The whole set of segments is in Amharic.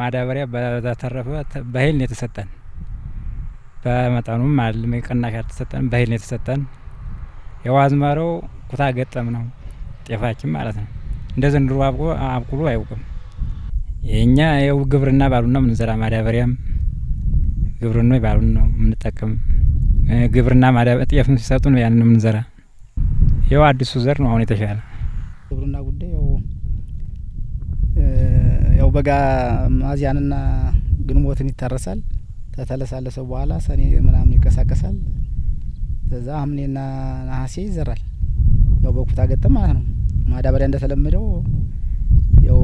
ማዳበሪያ በተረፈ በኃይል ነው የተሰጠን። በመጠኑም አልም ቅናሽ አልተሰጠን፣ በኃይል ነው የተሰጠን። የዋዝመረው ኩታ ገጠም ነው ጤፋችን ማለት ነው። እንደ ዘንድሮ አብቁሎ አይውቅም። የእኛ የው ግብርና ባሉን ነው የምንዘራ ማዳበሪያም ግብርና ባሉን ነው የምንጠቅም። ግብርና ማዳበሪያ ጤፍም ሲሰጡን ያንን የምንዘራ የው አዲሱ ዘር ነው አሁን የተሻለ ግብርና ጉዳይ በጋ ማዚያንና ግንቦትን ይታረሳል። ተተለሳለሰው በኋላ ሰኔ ምናምን ይቀሳቀሳል። ከዛ ሐምሌና ነሀሴ ይዘራል። ያው በኩታ ገጠም ማለት ነው። ማዳበሪያ እንደተለመደው ያው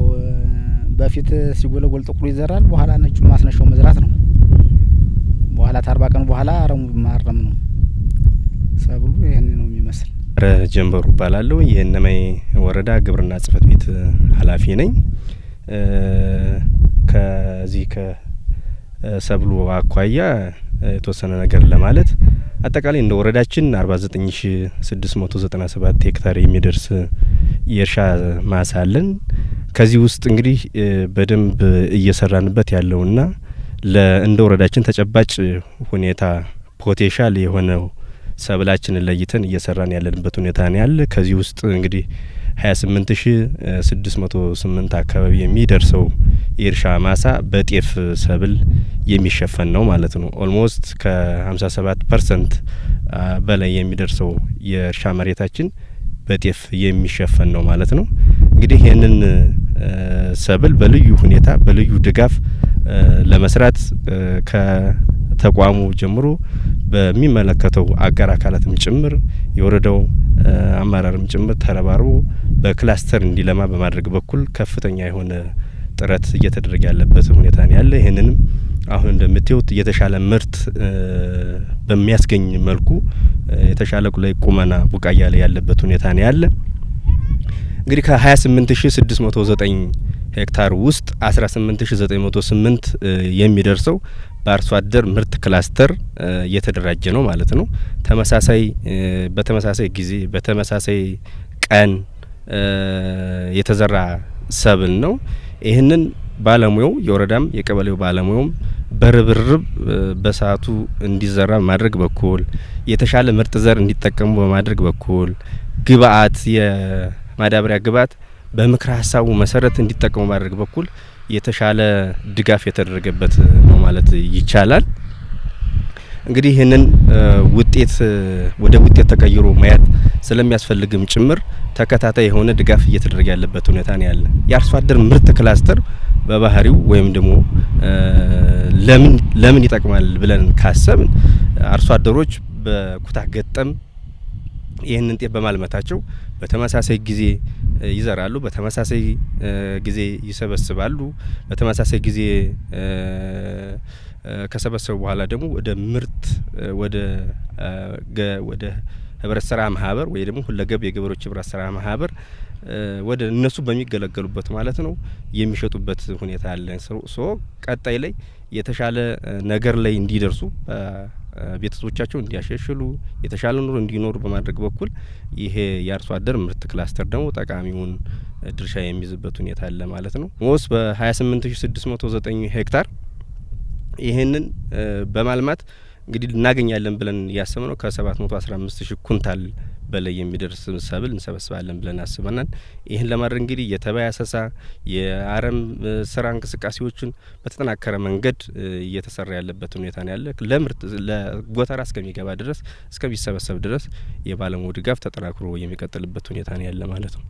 በፊት ሲጎለጎል ጥቁሩ ይዘራል። በኋላ ነጩ ማስነሻው መዝራት ነው። በኋላ ታርባ ቀን በኋላ አረሙ ማረም ነው። ሰብሉ ይህን ነው የሚመስል። ረ ጀንበሩ እባላለሁ የእነማይ ወረዳ ግብርና ጽህፈት ቤት ኃላፊ ነኝ። ከዚህ ከሰብሉ አኳያ የተወሰነ ነገር ለማለት አጠቃላይ እንደ ወረዳችን አርባ ዘጠኝ ሺ ስድስት መቶ ዘጠና ሰባት ሄክታር የሚደርስ የእርሻ ማሳ አለን። ከዚህ ውስጥ እንግዲህ በደንብ እየሰራንበት ያለውና እንደ ወረዳችን ተጨባጭ ሁኔታ ፖቴንሻል የሆነው ሰብላችንን ለይተን እየሰራን ያለንበት ሁኔታ ነው ያለ። ከዚህ ውስጥ እንግዲህ ሀያ ስምንት ሺ ስድስት መቶ ስምንት አካባቢ የሚደርሰው የእርሻ ማሳ በጤፍ ሰብል የሚሸፈን ነው ማለት ነው። ኦልሞስት ከሀምሳ ሰባት ፐርሰንት በላይ የሚደርሰው የእርሻ መሬታችን በጤፍ የሚሸፈን ነው ማለት ነው። እንግዲህ ይህንን ሰብል በልዩ ሁኔታ በልዩ ድጋፍ ለመስራት ከተቋሙ ጀምሮ በሚመለከተው አጋር አካላትም ጭምር የወረዳው አመራርም ጭምር ተረባርቦ በክላስተር እንዲለማ በማድረግ በኩል ከፍተኛ የሆነ ጥረት እየተደረገ ያለበት ሁኔታ ነው ያለ። ይህንንም አሁን እንደምታዩት የተሻለ ምርት በሚያስገኝ መልኩ የተሻለ ላይ ቁመና ቡቃያ ላይ ያለበት ሁኔታ ነው ያለ። እንግዲህ ከ28609 ሄክታር ውስጥ 18908 የሚደርሰው በአርሶ አደር ምርት ክላስተር እየተደራጀ ነው ማለት ነው። ተመሳሳይ በተመሳሳይ ጊዜ በተመሳሳይ ቀን የተዘራ ሰብል ነው። ይህንን ባለሙያው የወረዳም የቀበሌው ባለሙያውም በርብርብ በሰዓቱ እንዲዘራ በማድረግ በኩል የተሻለ ምርጥ ዘር እንዲጠቀሙ በማድረግ በኩል ግብአት የማዳበሪያ ግብአት በምክረ ሀሳቡ መሰረት እንዲጠቀሙ በማድረግ በኩል የተሻለ ድጋፍ የተደረገበት ነው ማለት ይቻላል። እንግዲህ ይህንን ውጤት ወደ ውጤት ተቀይሮ ማየት ስለሚያስፈልግም ጭምር ተከታታይ የሆነ ድጋፍ እየተደረገ ያለበት ሁኔታ ነው ያለ። የአርሶ አደር ምርት ክላስተር በባህሪው ወይም ደግሞ ለምን ለምን ይጠቅማል ብለን ካሰብን አርሶ አደሮች በኩታ ገጠም ይህንን ጤፍ በማልመታቸው በተመሳሳይ ጊዜ ይዘራሉ፣ በተመሳሳይ ጊዜ ይሰበስባሉ፣ በተመሳሳይ ጊዜ ከሰበሰቡ በኋላ ደግሞ ወደ ምርት ወደ ወደ ህብረት ስራ ማህበር ወይ ደግሞ ሁለገብ የገበሬዎች ህብረት ስራ ማህበር ወደ እነሱ በሚገለገሉበት ማለት ነው የሚሸጡበት ሁኔታ ያለ ሶ ቀጣይ ላይ የተሻለ ነገር ላይ እንዲደርሱ ቤተሰቦቻቸው እንዲያሸሽሉ የተሻለ ኑሮ እንዲኖሩ በማድረግ በኩል ይሄ የአርሶ አደር ምርት ክላስተር ደግሞ ጠቃሚውን ድርሻ የሚይዝበት ሁኔታ አለ ማለት ነው ሞስ በ ሀያ ሄክታር ይህንን በማልማት እንግዲህ እናገኛለን ብለን ያሰብነው ከሰባት መቶ አስራ አምስት ሺህ ኩንታል በላይ የሚደርስ ሰብል እንሰበስባለን ብለን አስበናል። ይህን ለማድረግ እንግዲህ የተባይ አሰሳ፣ የአረም ስራ እንቅስቃሴዎችን በተጠናከረ መንገድ እየተሰራ ያለበት ሁኔታ ነው ያለ። ለምርት ለጎተራ እስከሚገባ ድረስ እስከሚሰበሰብ ድረስ የባለሙያው ድጋፍ ተጠናክሮ የሚቀጥልበት ሁኔታ ነው ያለ ማለት ነው።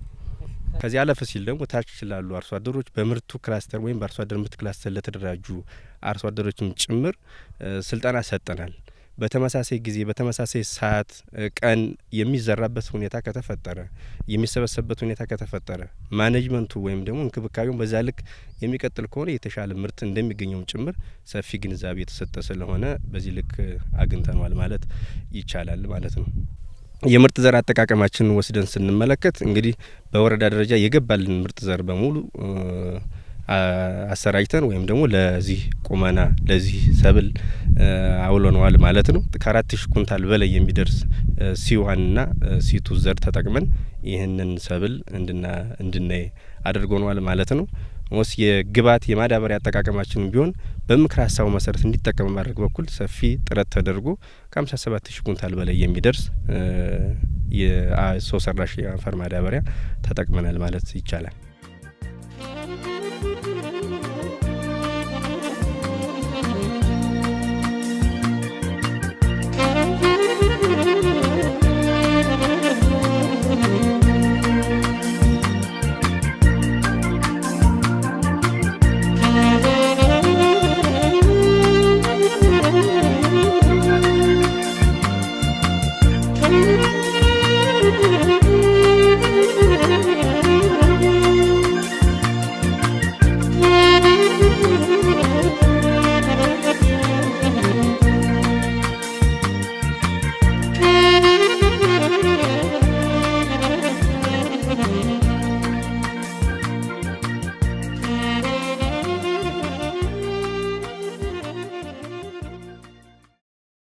ከዚህ አለፍ ሲል ደግሞ ታች ላሉ አርሶ አደሮች በምርቱ ክላስተር ወይም በአርሶ አደር ምርት ክላስተር ለተደራጁ አርሶ አደሮችም ጭምር ስልጠና ሰጠናል። በተመሳሳይ ጊዜ በተመሳሳይ ሰዓት ቀን የሚዘራበት ሁኔታ ከተፈጠረ የሚሰበሰብበት ሁኔታ ከተፈጠረ ማኔጅመንቱ ወይም ደግሞ እንክብካቤውን በዛ ልክ የሚቀጥል ከሆነ የተሻለ ምርት እንደሚገኘው ጭምር ሰፊ ግንዛቤ የተሰጠ ስለሆነ በዚህ ልክ አግኝተነዋል ማለት ይቻላል ማለት ነው። የምርጥ ዘር አጠቃቀማችንን ወስደን ስንመለከት እንግዲህ በወረዳ ደረጃ የገባልን ምርጥ ዘር በሙሉ አሰራጭተን ወይም ደግሞ ለዚህ ቁመና ለዚህ ሰብል አውለነዋል ማለት ነው። ከአራት ሺ ኩንታል በላይ የሚደርስ ሲዋንና ሲቱ ዘር ተጠቅመን ይህንን ሰብል እንድና እንድናይ አድርጎነዋል ማለት ነው። ሞስ የግብአት የማዳበሪያ አጠቃቀማችንም ቢሆን በምክር ሀሳቡ መሰረት እንዲጠቀም ማድረግ በኩል ሰፊ ጥረት ተደርጎ ከሀምሳ ሰባት ሺ ኩንታል በላይ የሚደርስ የሰው ሰራሽ የአፈር ማዳበሪያ ተጠቅመናል ማለት ይቻላል።